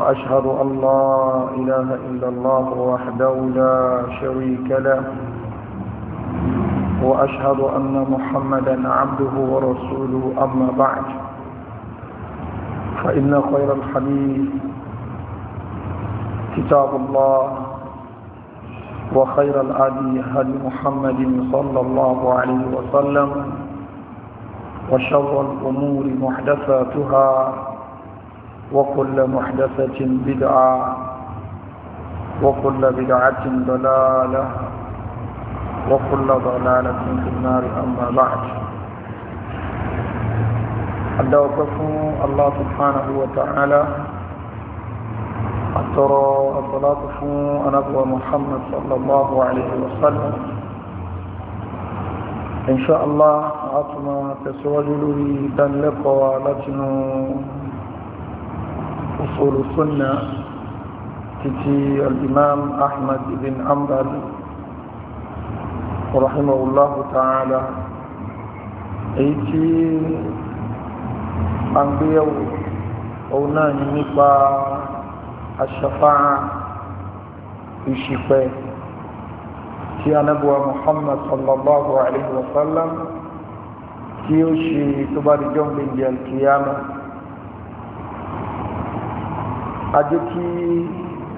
وأشهد أن لا إله إلا الله وحده لا شريك له وأشهد أن محمدا عبده ورسوله أما بعد فإن خير الحديث كتاب الله وخير الأدي هدي محمد صلى الله عليه وسلم وشر الأمور محدثاتها وكل محدثة بدعة وكل بدعة ضلالة وكل ضلالة في النار أما بعد أدعوكم الله سبحانه وتعالى أترى الصلاة أبو محمد صلى الله عليه وسلم إن شاء الله أعطنا تسوى جلوي تنلقى لتنو أصول السنة تتي الإمام أحمد بن أمبر رحمه الله تعالى أيتي أنبياء أونا نبا الشفاعة الشفاء تي نبوة محمد صلى الله عليه وسلم تيوشي تبارك يوم القيامه ajé kí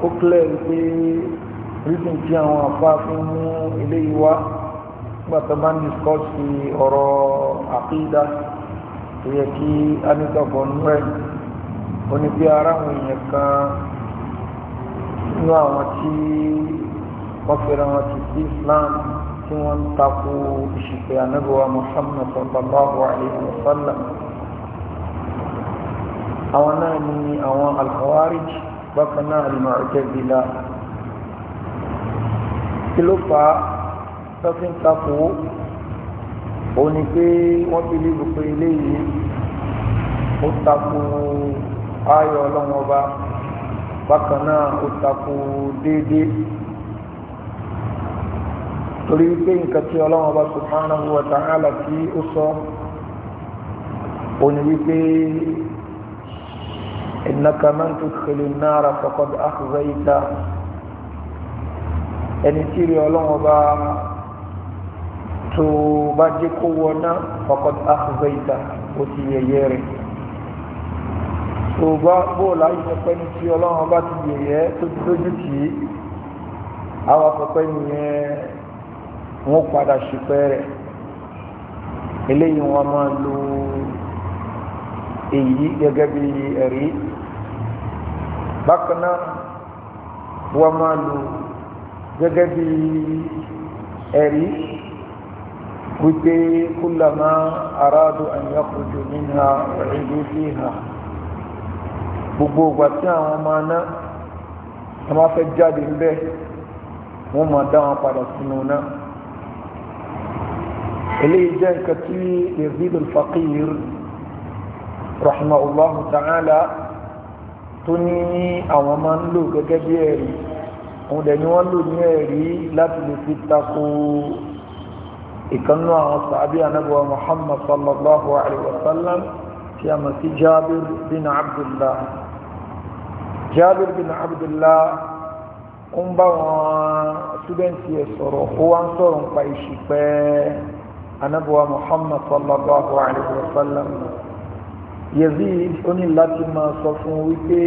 ó clear pé reason tí àwọn afá fún mú eléyìí wá nígbà tó bá ń discuss ọ̀rọ̀ àkídá tó yẹ kí anítọ̀bọ̀ nú ẹ̀ ó ní pé ara àwọn èèyàn kan nínú àwọn tí wọ́n fẹ́ra wọn ti sí Islam tí wọ́n ń takò ìṣìpẹ̀ ànábọ̀wá Muhammad sallallahu alayhi wa sallam àwọn náà ni àwọn alkhawarij bákan náà al-mu'tazila kí ló fà á tọ́fín takò ó ní pé wọ́n fi léwu pé eléyìí ó takò ayọ̀ ọlọ́wọ́n ọba bákan náà ó takò déédéé torí pé nǹkan tí ọlọ́wọ́n ọba subhanahu wa ta'ala tí ó sọ ó ní wípé. إنك من تدخل النار فقد أخزيته ẹni tí rí ọlọ́run bá tó bá jẹ́ kó wọná faqad akhzayta ó ti yẹ̀yẹ́ rẹ̀ tó bá bóòlá ìfẹ́pẹ́ ní tí ọlọ́run bá ti yẹ̀yẹ́ tó ti lójú tì í àwọn afẹ́pẹ́ nìyẹn wọ́n padà ṣùpẹ́ rẹ̀ eléyìí wọ́n máa lo èyí gẹ́gẹ́ bí ẹ̀rí bákan náà wọ́n máa lò gẹ́gẹ́ bí ẹ̀rí wípé kúlàmá aráàdù àyàkùjù nínú ìlú sí ìhà gbogbo ìgbà tí àwọn ọmọ aná wọ́n máa fẹ́ jáde ń bẹ́ wọ́n máa dá wọn padà sínú náà eléyìí jẹ́ nǹkan tí yazid al-faqir rahimahullahu ta'ala tó ní àwọn máa ń lò gẹ́gẹ́ bí ẹ̀rí òun dẹ̀ ni wọ́n lò ní ẹ̀rí láti lè fi tako ìkànnú àwọn sàábí anábọ̀ Muhammad sallallahu alaihi wa sallam tí a mọ̀ sí Jabir bin Abdullah Jabir bin Abdullah ń bá wọn ṣúdẹ́ǹtì ẹ̀ sọ̀rọ̀ ó wá ń sọ̀rọ̀ nípa ìṣìpẹ̀ anábọ̀ Muhammad sallallahu alaihi wa Yazid ó ní láti máa sọ fún wípé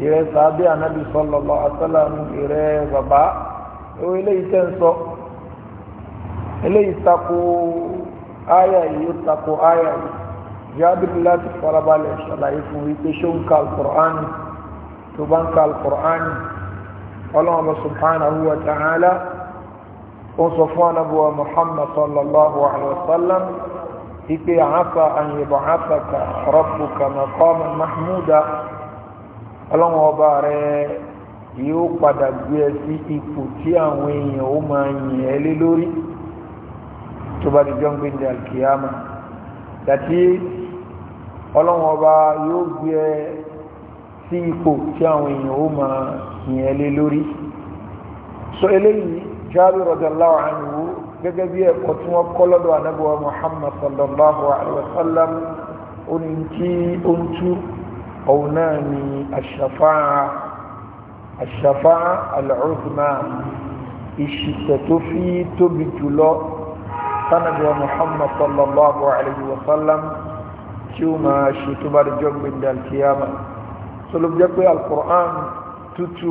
ìrẹ sàábé ànábì sallallahu alaihi wasallam ìrẹ bàbá ó eléyìí tẹ́ ń sọ eléyìí tako áyà yìí ó tako áyà yìí jábìrì láti farabalẹ̀ ṣàlàyé fún wípé ṣó ń ka alukur'ani tó bá ń ka alukur'ani ọlọ́run bá subhanahu wa ta'ala ó sọ fún anábùwà muhammad sallallahu alaihi wasallam. ipe àáfà àyìnbọ̀ àfàkà rabbuka maqaman mahmuda ọlọ́run ọba rẹ yóò padà gbé ẹ sí ipò tí àwọn èèyàn ó máa yìn ẹ́ lé lórí tó bá di jọ́ ń gbé ní alkiyama dàtí ọlọ́run ọba yóò gbé ẹ tí àwọn èèyàn ó máa gẹ́gẹ́ bí ẹ̀kọ́ tí wọ́n kọ́ lọ́dọ̀ anábíwá muhammad sallallahu alaihi wa sallam ó ní tí ó ń tú òun náà ni àṣàfáà àṣàfáà al-uzma ìṣìṣẹ́ tó fi tóbi jùlọ sanabiwa muhammad sallallahu alaihi wa sallam tí ó máa ṣe tó bá dẹjọ́ gbẹ̀dẹ̀ alkiyama sọlọ́ jẹ́ pé al tútù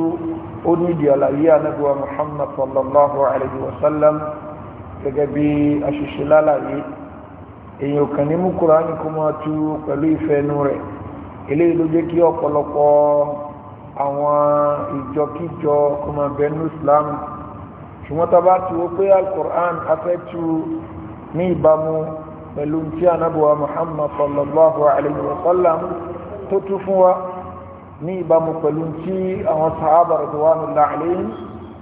ó ní ìdí àlàyé anábíwá muhammad sallallahu alaihi wa sallam gẹ́gẹ́ bí aṣoṣo lálàyé èèyàn kan ní mú kúránì kó máa tú pẹ̀lú ìfẹ́ inú rẹ̀ eléyìí ló jẹ́ kí ọ̀pọ̀lọpọ̀ àwọn ìjọkíjọ kó máa bẹ ní Islam ṣùgbọ́n tá a bá ti wo pé alukur'an afẹ́ tú ní ìbámu pẹ̀lú tí anábọ̀wá Muhammad sallallahu alayhi wa sallam tó tú fún wa ní ìbámu pẹ̀lú tí àwọn sahaba rẹ̀ tó wà nílá àlẹ́yìn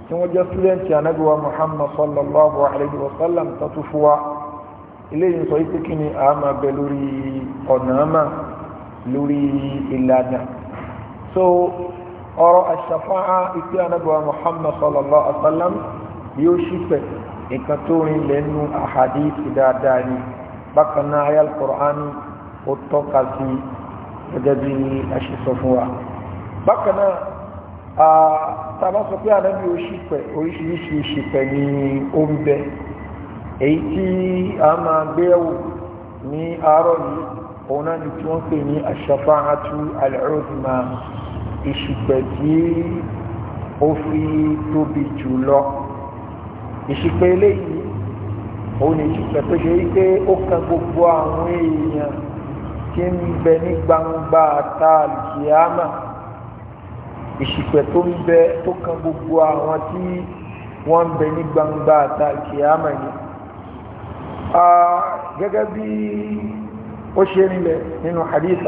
tí wọ́n jẹ́ sílẹ̀ntì anábíwa muhammad sallallahu alayhi wa sallam tàtú fúwa iléyìn sọ ipé kí ni àmà bẹ lórí ọ̀nà àmà lórí ìlànà so ọ̀rọ̀ àṣàfáà ipé anábíwa muhammad sallallahu alayhi wa sallam yóò ṣípẹ̀ nǹkan tó rin lẹ́nu àhàdíìsì dáadáa ni bákan náà ayé al ó tọ́ka sí gẹ́gẹ́ bí a ṣe sọ fún wa bákan náà tàbá sọ pé ànábì òṣìpẹ̀ oríṣiríṣi ìṣìpẹ̀ ni ó ń bẹ èyí tí a máa gbé ẹ̀wò ní àárọ̀ yìí òun náà ni tí wọ́n pè ní aṣafáhátú al-uzma ìṣìpẹ̀ tí ó fi tóbi jù lọ ìṣìpẹ̀ eléyìí òun ni ìṣìpẹ̀ tó ṣe wípé ó kan gbogbo àwọn èèyàn tí ń bẹ ní gbangba tá ìṣìpẹ̀ tó ń bẹ tó kan gbogbo àwọn tí wọ́n ń bẹ ní gbangba àtàkì àmàyè gẹ́gẹ́ bí ó ṣe nílẹ̀ nínú hadith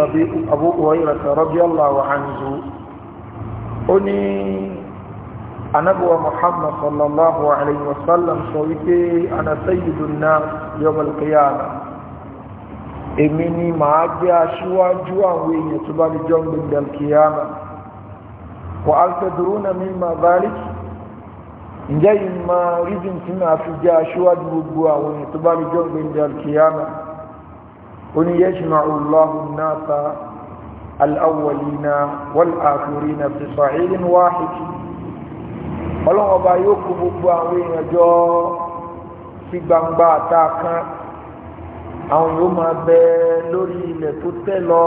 Abu Hurairah radiyallahu anhu ó ní anabuwa Muhammad sallallahu alayhi wa sallam sọ wípé ana sayyidun èmi ni màá jẹ́ aṣíwájú àwọn èèyàn tó bá lè jọ́ gbẹ̀gbẹ̀ وهل تدرون مما ذلك ǹjẹ́ ìmọ̀ rídìn tí máa fi jẹ́ aṣíwájú gbogbo àwọn ètò bá rí jọ gbẹ̀ndẹ̀ alkiyama ó ní yajma'u Allahu an-nasa al-awwalina wal-akhirina fi sa'idin wahid ọlọ́wọ́ bá yóò kó gbogbo àwọn èèyàn jọ sí gbangba àtàkán àwọn yóò máa bẹ lórí ilẹ̀ tó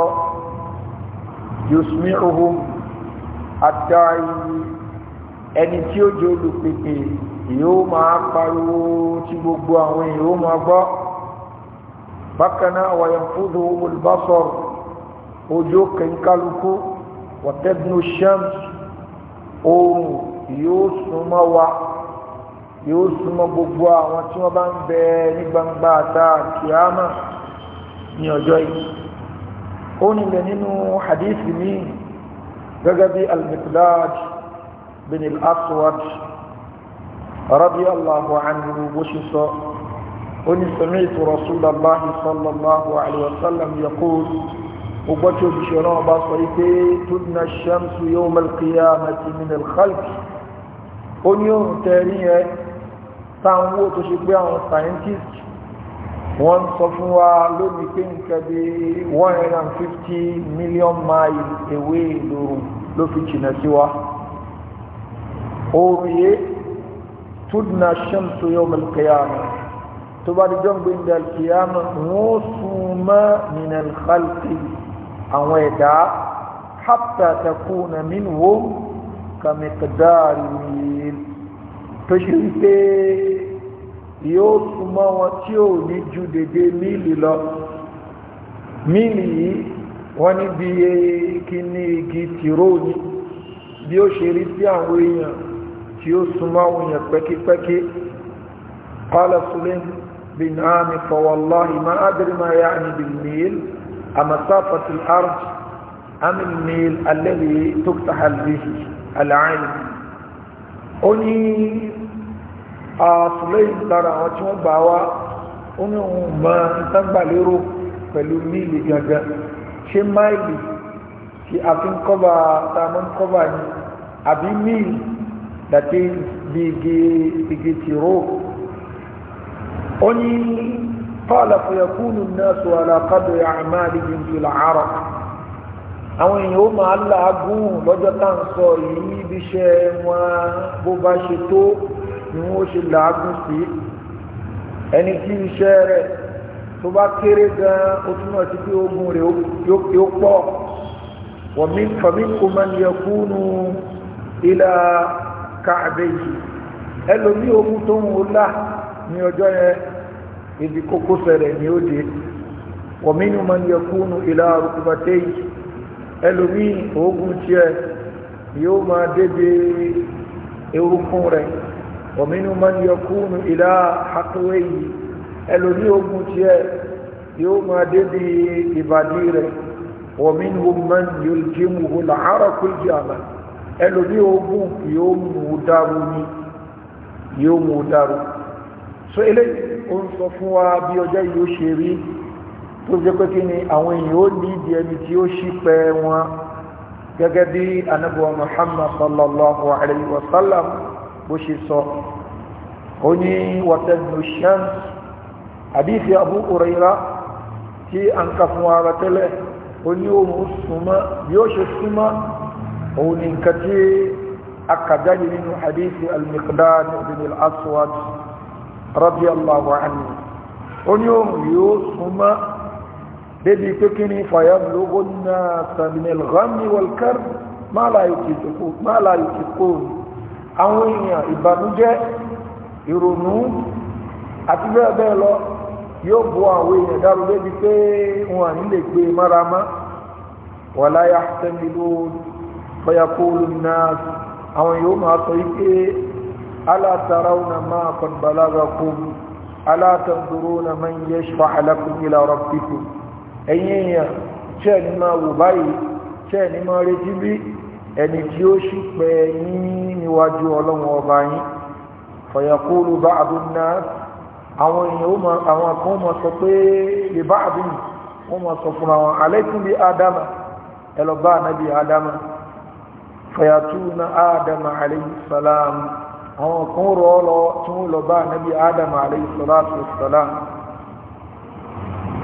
yusmi'uhum àtàrí ẹni tí ó jẹ́ olùpèpè yóò máa pariwo tí gbogbo àwọn èèyàn ó máa gbọ́ bákan náà wàyàn fúdù olùbásọ̀rọ̀ ojú kẹ̀kálukú wọ̀tẹ́bùnú shams oòrùn yóò súnmọ́ wa yóò súnmọ́ gbogbo àwọn tí wọ́n bá ń bẹ ní gbangba àta kìámà ní ọjọ́ yìí gẹ́gẹ́ bí al-miqdad bin al-aswad radiyallahu anhu bó ṣe sọ ó ní sami'tu rasulallahi sallallahu alayhi wa sallam yaqul gbogbo tí olùṣọ́ náà bá sọ wípé tudna shamsu yawm al-qiyamati min al-khalq ó òun tẹ̀rí ẹ táwọn owó tó ṣe pé àwọn scientist wọ́n ń sọ fún wa lónìí pé nǹkan bí one hundred and fifty million miles away lóòrùn ló fi jìnnà sí wa oòrùn yìí tudna shamsu yawm al-qiyama tó bá di jọ́ gbé ndé al-qiyama wọ́n súnmọ́ min al-khalqi àwọn ẹ̀dá hatta takuna minhum kàmìkàdáàrí tó ṣe wípé yóò súnmọ́ wọn tí ò ní ju dédé míìlì lọ míìlì yìí wọ́n ní bí kí ní igi tìró ní bí ó ṣe rí sí àwọn èèyàn tí ó súnmọ́ àwọn èèyàn pẹ́kípẹ́kí qala sulaim bin ami fa wallahi ma adri ma ya'ni bil mil amasafat al ard am al mil àṣìlẹ́yìn lára àwọn tí wọ́n gbà wá ó ní òun mọ́ ìtàgbàlérò pẹ̀lú míìlì gangan ṣé máìlì tí a fi ń kọ́bà tá a mọ́ ń kọ́bà ni àbí míìlì dàtí bí igi igi tìró ó ní pààlà fòyàkúnù náà sọ àlàkàdọ̀ àwọn èèyàn ó máa làágùn lọ́jọ́ tá ń sọ yìí bí iṣẹ́ wọn bó bá ṣe tó ni wọ́n ṣe làágùn sí ẹni tí iṣẹ́ rẹ̀ tó bá kéré gan ó túmọ̀ sí pé ogun rẹ̀ yóò pọ̀ wọ̀mí fàmíkù máa ń yẹ kúnnù ilà káàbẹ̀yì ẹlòmí ogun tó ń wọlá ní ọjọ́ yẹn ibi kókó sẹ̀rẹ̀ ni ó dé wọ̀mí máa ń yẹ kúnnù ilà rúkúbàtẹ́yì ẹlòmí ogun tiẹ̀ yóò máa débi eruku rẹ̀. ومنهم من يكون إلى حقوي الذي يوم يوم دبي إبادير ومنهم من يلجمه العرق الجامع الذي يوم يوم داروني يوم دارو so eléyìí ó ń sọ fún wa bí ọjọ́ yìí ó ṣe rí tó jẹ́ pé kí ni àwọn èèyàn ó ní ìdí ẹni tí ó ṣí pẹ́ wọn gẹ́gẹ́ bí anábọ̀ Muhammad sallallahu alayhi wa bó ṣe sọ ó ní wàtẹ́nu shams àdífi Abu Huraira tí a ń ka fún ara tẹ́lẹ̀ ó ní òun súnmọ́ bí ó ṣe súnmọ́ òun ní nǹkan tí a kà jáde nínú àdífi al-Miqdad ibn al-Aswad radiyallahu anhu ó ní òun yóò súnmọ́ àwọn èèyàn ìbànújẹ́ ìrònú àti bẹ́ẹ̀ bẹ́ẹ̀ lọ yóò bó àwọn èèyàn dáró débi pé wọn à ní lè gbé e mára mọ́ wala yahtamilun fayaqulu an-nas àwọn yóò máa sọ ike ala tarawna ma qad balagakum ala tanzuruna man yashfa'u lakum ila rabbikum ẹ̀yin èèyàn ṣẹ́ẹ̀ ni máa wò báyìí ṣẹ́ẹ̀ ni máa retí bí ẹni tí ó ṣì pẹ yín níwájú ọlọ́run ọba yín fọ̀yàkúrú bá àbúnná àwọn èèyàn àwọn kan mọ̀ sọ pé lè bá àbún wọn mọ̀ sọ fún àwọn alẹ́kùn bí ádámà ẹlọ́bá ànábì ádámà fọ̀yàtúnà ádámà aléìsàlám àwọn kan rọ ọlọ tí wọ́n lọ bá ànábì ádámà aléìsàlám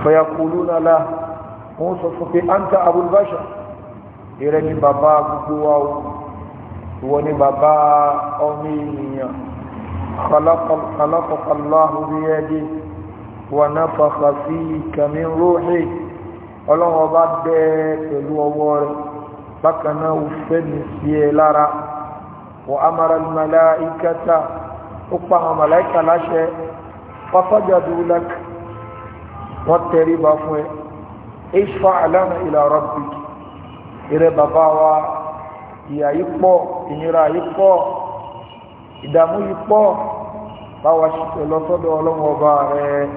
fọ̀yàkúrú náà lá sọ fún pé ìrẹ́ ni bàbá gbogbo wa o ìwọ ni bàbá ọmọ ènìyàn خلقك الله بيده ونفخ فيك من روحه ọlọ́run ọba bẹ́ pẹ̀lú ọwọ́ rẹ̀ bákan náà ó fẹ́mi sí ẹ lára wọ amara màláìkẹta ó pa àwọn màláìkà láṣẹ pàtàjàdù lak wọ́n tẹríba fún ẹ ìṣfà àlànà ìlà rabbik eré bàbá wa ìyà yìí pọ̀ ìnira yìí pọ̀ ìdààmú yìí pọ̀ báwa lọ́sọ́dọ̀ ọlọ́run ọba rẹ̀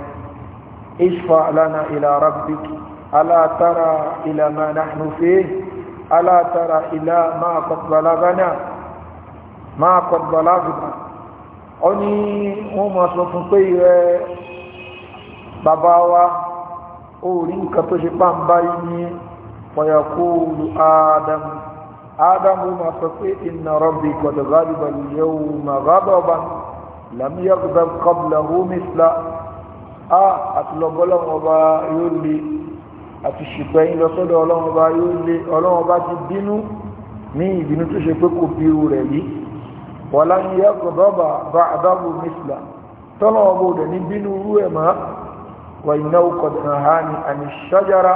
ishfa lana ila rabbik ala tara ila ma nahnu fih ala tara ila ma qad balagana ma qad balagana ó ní wọ́n máa sọ fún pé ìrẹ́ bàbá wa ó rí nǹkan tó ṣe pàǹbá yìí فيقول آدم آدم ما فقيت إن ربي قد غضب اليوم غضبا لم يغضب قبله مثله آه أطلب لهم وبا يولي أتشكين لصد لهم وبا يولي ولهم وبا تبينوا ní ìbínú tó ṣe pé kò bí irú rẹ̀ yìí wà láyé yàtọ̀ dọ́bà bá àdábò mísìlá tọ́lọ̀ ọgbọ̀ òdẹ̀ ní bínú irú ẹ̀ máa wà iná ọkọ̀ dẹ̀nà ha ní àmì ṣájára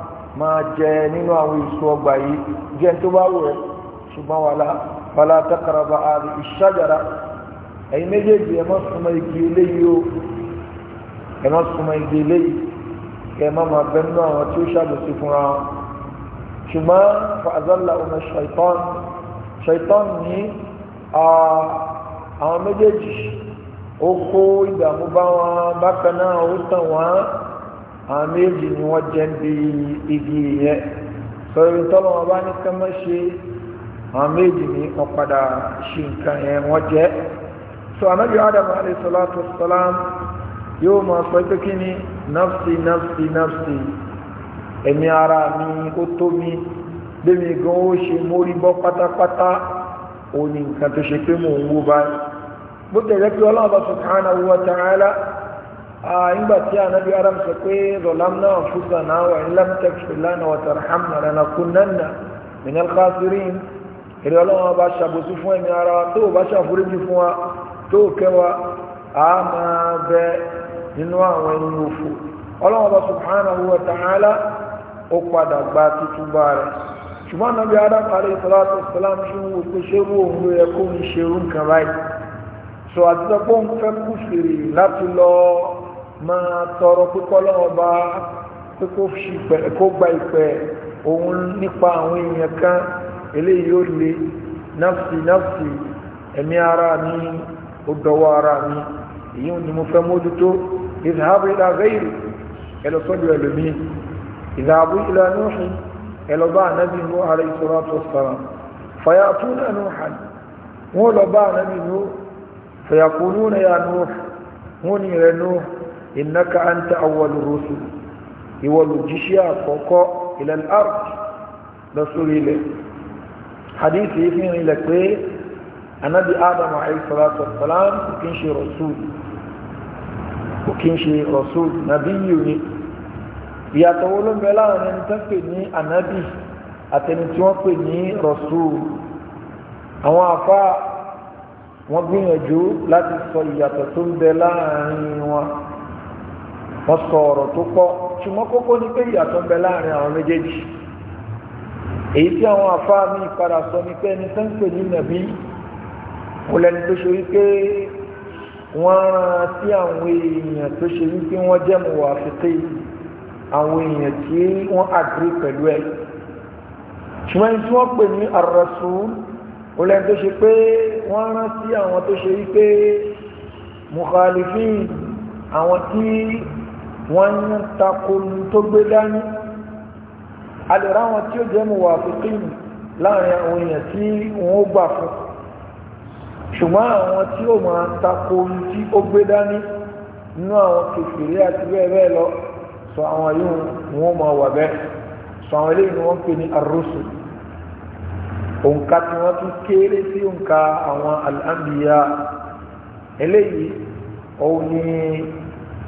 máa jẹ nínú àwọn èso ọgbà yìí jẹ́ tó bá wù ẹ́ ṣùgbọ́n wàlá wàlá taqraba àrí ìṣàjára ẹ̀yin méjèèjì ẹ má súnmọ́ igi eléyìí o ẹ má súnmọ́ igi eléyìí kẹ má máa bẹ nínú àwọn tí ó ṣàbòsí fúnra wọn ṣùgbọ́n fàzọ́là ọmọ ṣàìtọ́n ṣàìtọ́n ní àwọn méjèèjì ó kó ìdààmú bá wọn bákan náà ó tàn wọ́n àwọn méjì ni wọ́n jẹ́ bí igi yẹn sọ̀rọ̀ tọ́lọ́ wọn bá ní ká ṣe àwọn ni wọ́n ṣe nǹkan yẹn wọ́n jẹ́ so anabi adam alayhi salatu salam yóò máa sọ pé kí ni nafsi nafsi nafsi ẹ̀mí ara mi ó tó mi bẹ́mi gan ó ṣe mórí bọ́ pátápátá ó ní nǹkan tó ṣe pé mò ń wó báyìí bó tẹ̀lé pé ọlọ́run subhanahu wa ta'ala nígbà tí anabi aram sọ pé zolamna ọ̀fúsànà wà ńlá tẹ̀sílánà wàtàrhàmà lẹ́nà kúnnánà mìíràn káfírin èrè ọlọ́wọ́n bá ṣàbòsí fún ẹ̀mí ara wa tó bá ṣàforíjì fún wa tó kẹwa a máa bẹ nínú àwọn ẹni òfò ọlọ́wọ́n bá subhanahu wa ta'ala ó padà gba tuntun bá rẹ̀ ṣùgbọ́n anabi aram alayhi salatu máa tọrọ pípọ́ lọ́wọ́ bá pé kó gba ìpẹ́ òun nípa àwọn èèyàn kan eléyìí yóò le nafsi nafsi ẹ̀mí ara mi ó dọwọ́ ara mi èyí ni mo fẹ́ mójútó ìzàbù ìlà gẹ́yìrì ẹlọ́sọ́dọ̀ ẹlòmí ìzàbù ìlà nùhìn ẹlọ́bá ànábì ní ààrẹ ìṣòro àtọ́sára fayatúnà nùhàn wọ́n lọ́bá ànábì innaka anta awwalu rusul ìwọ lòjíṣẹ́ àkọ́kọ́ ila al-ard lọ sórí ilẹ̀ hadith yìí fi hàn ilẹ̀ pé anabi adam alayhi salatu wa salam kò kí ń ṣe rasul kò kí ń ṣe rasul nàbí yìí ni ìyàtọ̀ wo ló ń bẹ láàrin ẹni anabi àtẹni tí wọ́n pè ní rasul àwọn afa wọ́n gbìyànjú láti sọ ìyàtọ̀ tó ń bẹ láàrin wọn wọ́n sọ ọ̀rọ̀ tó pọ̀ ṣùgbọ́n kókó ni pé ìyàtọ̀ ń bẹ láàrin àwọn méjèèjì èyí tí àwọn àfáà mi padà sọ ni pé ẹni tó ń pè ní nàbí kò lẹni tó ṣe wípé wọ́n rán sí àwọn èèyàn tó ṣe wípé wọ́n jẹ́ mọ̀wá àfikẹ́ àwọn èèyàn tí wọ́n àgírí pẹ̀lú ẹ̀ ṣùgbọ́n tí wọ́n pè ní ar-rasul ó tó ṣe pé wọ́n rán sí àwọn tó ṣe wípé mukhalifin àwọn tí wọ́n ń takò tó gbé dání alẹ́ra àwọn tí ó jẹ́ mú wà fíkín láàrin àwọn èèyàn tí wọ́n ó gbà fún ṣùgbọ́n àwọn tí ó máa takò tí ó gbé dání nínú àwọn kèfèrè àti bẹ́ẹ̀ bẹ́ẹ̀ lọ sọ àwọn yóò wọ́n máa wà bẹ́ẹ̀ sọ àwọn eléyìí ni pè ní arúsù òǹkà tí wọ́n tún kéré sí òǹkà àwọn al eléyìí òun ni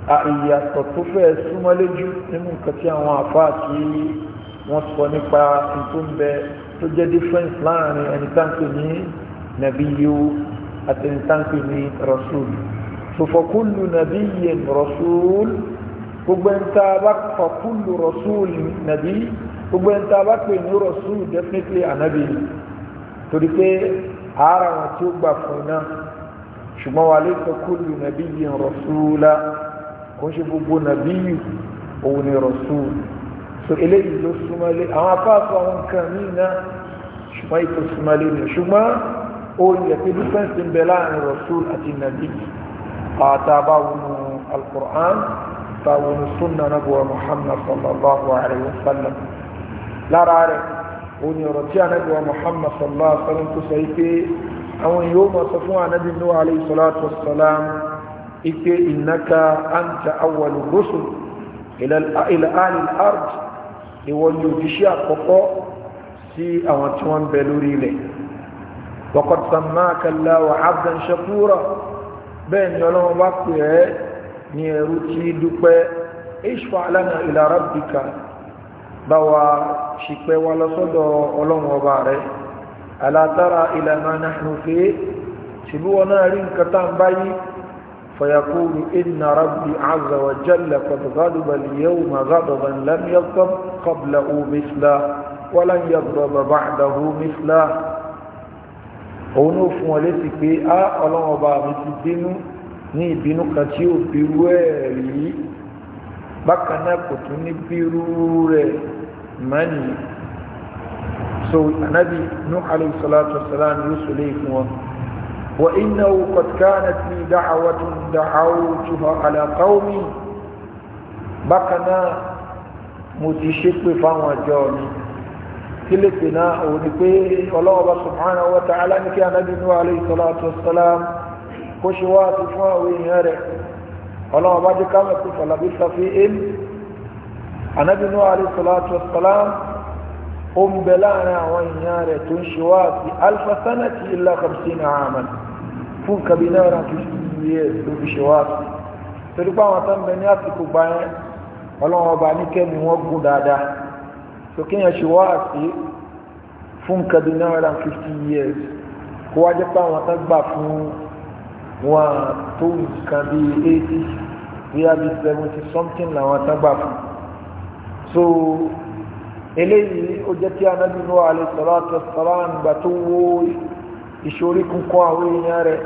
ìyàtọ̀ tó fẹ́ súnmọ́lẹ́jú nínú nǹkan tí àwọn àfáà tí wọ́n sọ nípa tó ń bẹ tó jẹ́ difference láàrin ẹni táǹkì ní nàbíyù àti ẹni táǹkì ní rasul sòfòkúlù nàbíyù rasul gbogbo ẹni tá a bá fòkúlù rasul nàbí gbogbo ẹni tá a bá pè ní rasul definitely ànábì torí pé ara wọn tí ó gbà fún iná ṣùgbọ́n wà lè sọ kúlù rasul la kò ń ṣe gbogbo nàbíyù òun ni rasul so eléyìí ló súnmọ́lé àwọn apáàtọ̀ àwọn nǹkan míì náà ṣùgbọ́n ètò súnmọ́lé ni ṣùgbọ́n ó yẹ pé dífẹ́ǹsì ń bẹ láàrin rasul àti nàbí àtàbà wọnú alkur'an táwọn sunna nabuwa muhammad sallallahu alaihi wa sallam lára rẹ̀ òun ni ọ̀rọ̀ tí muhammad sallallahu alaihi wa sallam tó sọ yìí pé àwọn yóò mọ̀ sọ fún anabi nuhu alayhi salatu wa salam ipe ìnáka àǹtà awọlù rọ́sùn ilẹ̀ alil ard ìwọlù òjíṣẹ́ àkọ́kọ́ sí àwọn tí wọ́n ń bẹ lórí ilẹ̀ wọ́kọ̀ sàmáàkà láwọ̀ abdan shakura bẹ́ẹ̀ ni ọlọ́run bá pè ẹ́ ní ẹrú tí dúpẹ́ ishfa lana ila rabbika bá wa ṣìpẹ́ wa lọ́sọ́dọ̀ ọlọ́run ọba rẹ̀ alátara ila ma nahnu fi ṣìbí wọn náà rí nǹkan tá فيقول إن ربي عز وجل قد غضب اليوم غضبا لم يغضب قبله مثله ولن يغضب بعده مثله òun ó fún ọ létí pé á ọlọ́run ọba mi ti bínú ní ìbínú kan tí ó bírú ẹ̀ rí bákan náà kò tún ní bírú rẹ̀ mọ́ni so anabi nuh alayhi salatu wa salam yóò sọ lé fún ọ وإنه قد كانت لي دعوة دعوتها على قومي بقنا متشق فما جوني كلتنا ونكوي الله سبحانه وتعالى نكي نبي عليه الصلاة والسلام كشوات فاوي هرع الله بعد كما فلبث في إل النبي عليه الصلاة والسلام ó ń bẹ láàrin àwọn èèyàn rẹ̀ tó ń ṣe wá sí alfasana ti ilá kọmsínà àmàn fún kabinara tó fi yẹ ló fi ṣe wá sí torí pé àwọn tó ń bẹ ní àsìkò gbà yẹn ọlọ́wọ́n ọba ní kẹ́mi wọ́n gùn dáadáa tó kíyàn ṣe wá sí fún kabinara 50 years kó wá jẹ́ pé àwọn tó gbà fún wọn tó nǹkan bí 80 70 something làwọn tó gbà fún so eléyìí ó jẹ́ kí anábì Nuh alayhi salatu wassalam nígbà tó wó ìṣorí kúnkọ́ àwọn èèyàn rẹ̀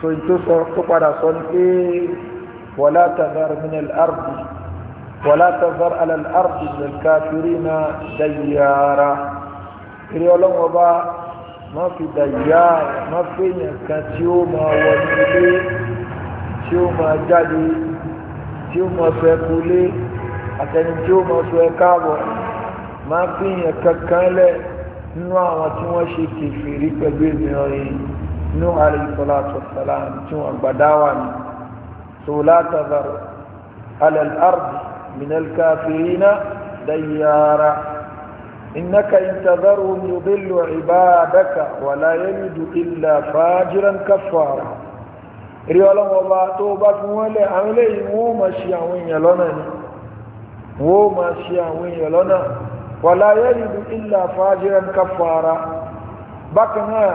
so n tó sọ tó padà sọ ni pé wala tazar min al-ardi wala tazar ala al-ardi min al-kafirina dayyara eré ọlọ́wọ́ bá má fi dayyara má fi èèyàn kan tí ó máa wọ nílé tí ó máa jáde tí ó máa fẹ́ kulé àtẹni tí ó máa fẹ́ káàbọ̀ máa fi yàn kankan lẹ̀ nínú àwọn tí wọ́n ṣe kèfèrí pẹ̀lú ènìyàn yìí nínú alayhi salatu wassalam tí wọ́n gbàdáwà ní sọlá tazar ala al-ard min al-kafirina dayyara إنك إن تذرهم يضل عبادك ولا يلد إلا فاجرا كفارا rí ọlọ́wọ́ ọba tó bá fi wọ́n lẹ̀ àwọn eléyìí wọ́n ó máa ṣì àwọn èèyàn lọ́nà ni wọ́n ó máa ṣì àwọn èèyàn lọ́nà wala yalidu illa fajiran kafara bákan náà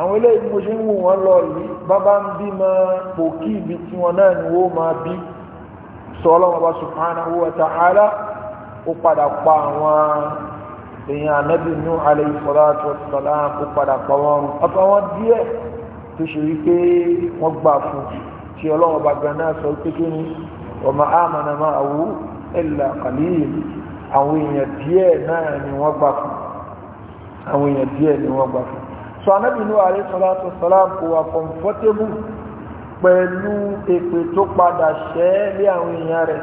àwọn eléyìí mo ṣe ń wù wọ́n lọ yìí bábá ni subhanahu wa ta'ala ó padà pa àwọn èèyàn anábì nù alayhi salatu wa salam ó pa wọn rùn àtàwọn díẹ̀ tó ṣe rí pé wọ́n gbà fún ṣe ma amana illa àwọn èèyàn díẹ̀ náà ni wọ́n gbà fún àwọn èèyàn díẹ̀ ni wọ́n gbà fún so anábì inú ààrẹ sọlátọ̀ sọlám kò wà comfortable pẹ̀lú èpè tó padà ṣẹ́ lé àwọn èèyàn rẹ̀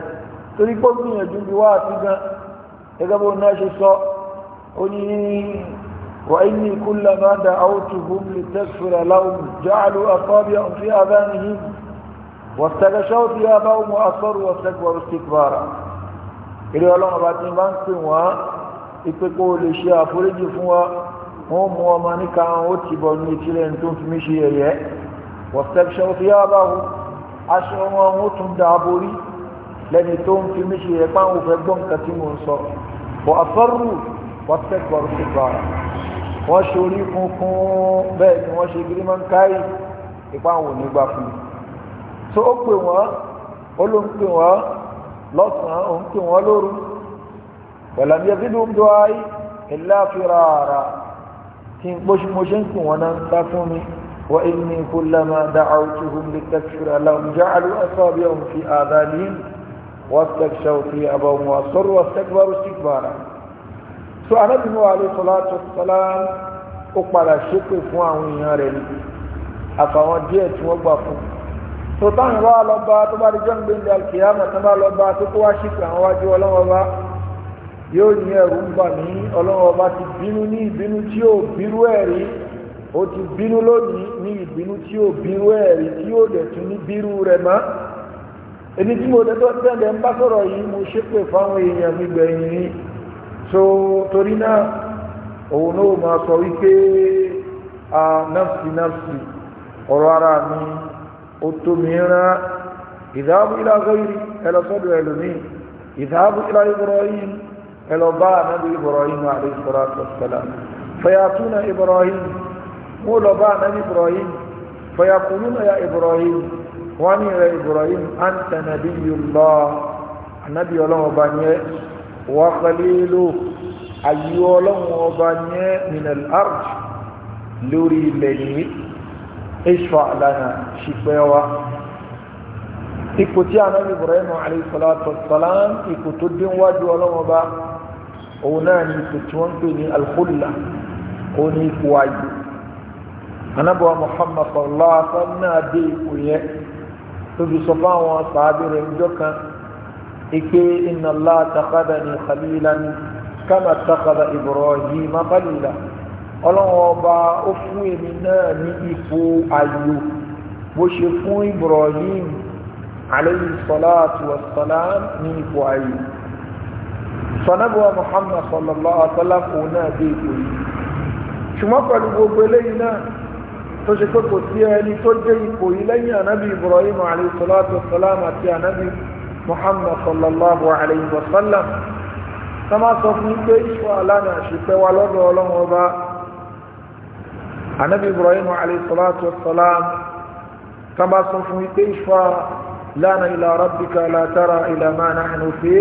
torí pé gbìyànjú bí wá àti gan gẹ́gẹ́ bó náà ṣe sọ ó ní وإني كلما دعوتهم لتغفر لهم جعلوا eré ọlọ́run bá ti bá ń pè wọ́n ipe kó o lè ṣe àforíjì fún wa wọ́n mú ọmọ níka ó ti bọ̀ ní ìtìlẹ̀ tó ń fi mí ṣe ẹ̀yẹ́ wọ́sẹ̀pṣẹ̀ fi yá bá wo aṣọ wọn ó tún dá a borí lẹ́ni tó ń fi mí ṣe ẹ̀pá òun fẹ́ gbọ́ nǹkan tí mò ń sọ wọ́n afẹ́rù wọ́sẹ̀pọ̀rù sí bá wọ́n ṣe orí bẹ́ẹ̀ ni wọ́n ṣe gírímọ̀ káyì ìpá òun nígbà fún mi tó ó pè wọ́n ó ló ń pè wọ́n lọ́sàn-án òun kí wọ́n lóru pẹ̀lú àbíyẹ́sídù ń dọ́ ayé ilá fira ara kí n bó mo ṣe ń kí wọ́n náà ń sá fún mi wa inni kullama da'awtuhum litakfira lahum àfàwọn díẹ̀ tí wọ́n gbà fún tó táwọn bá lọ bá tó bá di jọ́ ń gbé ní alkiyama tó bá lọ bá tó kó wá ṣìkìrà àwọn wájú ọlọ́wọ́ bá yóò ní ẹ̀rù ń bà mí ọlọ́wọ́ bá ti bínú ní ìbínú tí ó bínú ẹ̀rí ó ti bínú lónìí ní ìbínú tí so torí náà òun náà máa sọ wípé ó tó mìíràn ìdáàbò ilá gọ́ìrì ẹlọ́sọ́dọ̀ ẹlòmí ìdáàbò ilá Ibrahim ẹlọ́bá anábì Ibrahim alayhi salatu wassalam fayatuna Ibrahim wọ́n lọ bá anábì Ibrahim fayakuluna ya Ibrahim wọ́n ní rẹ̀ Ibrahim anta nabiyullah anábì ọlọ́wọ́ bá yẹ wa khalilu ayé bá yẹ minal arj lórí ilẹ̀ yìí ishfa lana ṣìpẹ́ wa ipò tí anabi ibrahim alayhi salatu wassalam ipò tó dín wájú ọlọ́mọba òun náà ni ipò tí wọ́n ń pè ní alhulla ó ní ipò ayé anabi wa muhammad sallallahu alaihi wasallam náà dé ipò yẹn tó fi sọ fáwọn sàábì rẹ̀ níjọ́ kan ike inna allah takada ni khalilan kama takada ibrahim khalila ọlọ́run ọba ó fún èmi náà ní ipò ayò bó ṣe fún Ibrahim alayhi salatu wassalam ní ipò ayò sanabuwa Muhammad sallallahu alaihi wasallam òun náà dé ipò yìí ṣùgbọ́n pẹ̀lú gbogbo eléyìí náà tó ṣe pé kò sí ẹni tó jẹ́ ipò yìí lẹ́yìn anabi Ibrahim alayhi salatu wassalam àti anabi Muhammad sallallahu alayhi wasallam sọ́mà sọ fún pé ìṣọ́ alánà ṣùpẹ́ lọ́dọ̀ ọlọ́run ọba anabi ibrahim alayhisalatu wasalam tá bá sọ fún wípé ìfà lánàá ila rabbika látara ila ma nahnu fi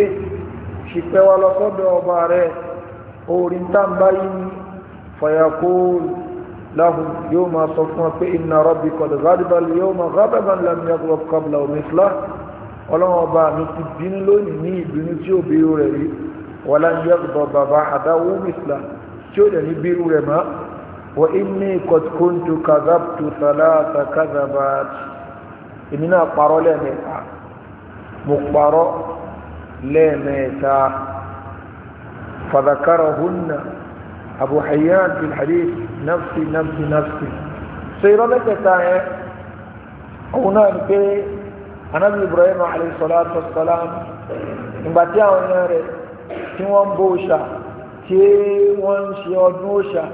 ṣìpẹ́ wa lọ́sọ́dọ̀ ọba rẹ̀ orin tá ń báyìí fayakul lahum yóò máa sọ fún wa pé inna rabbi qad ghadiba al-yawma ghadaban lam yaghdab qablahu mithlahu ọlọ́wọ́n ọba mi ti bínú lónìí ní ìbínú tí ó bírú rẹ̀ rí wàlá ń yẹ bọ̀ bàbá àdáwó mìsìlá tí ó dẹ̀ ní bírú rẹ̀ mọ́ وإني قد كنت كذبت ثلاث كذبات إننا قرأ لميتا مقبرأ لميتا فذكرهن أبو حيان في الحديث نفسي نفسي نفسي سيرا لكتا هنا بكي anabi ibrahim alayhi salatu wassalam ìgbà tí àwọn èèyàn rẹ̀ tí wọ́n ń bọ òòṣà tí wọ́n ń ṣe ọdún òòṣà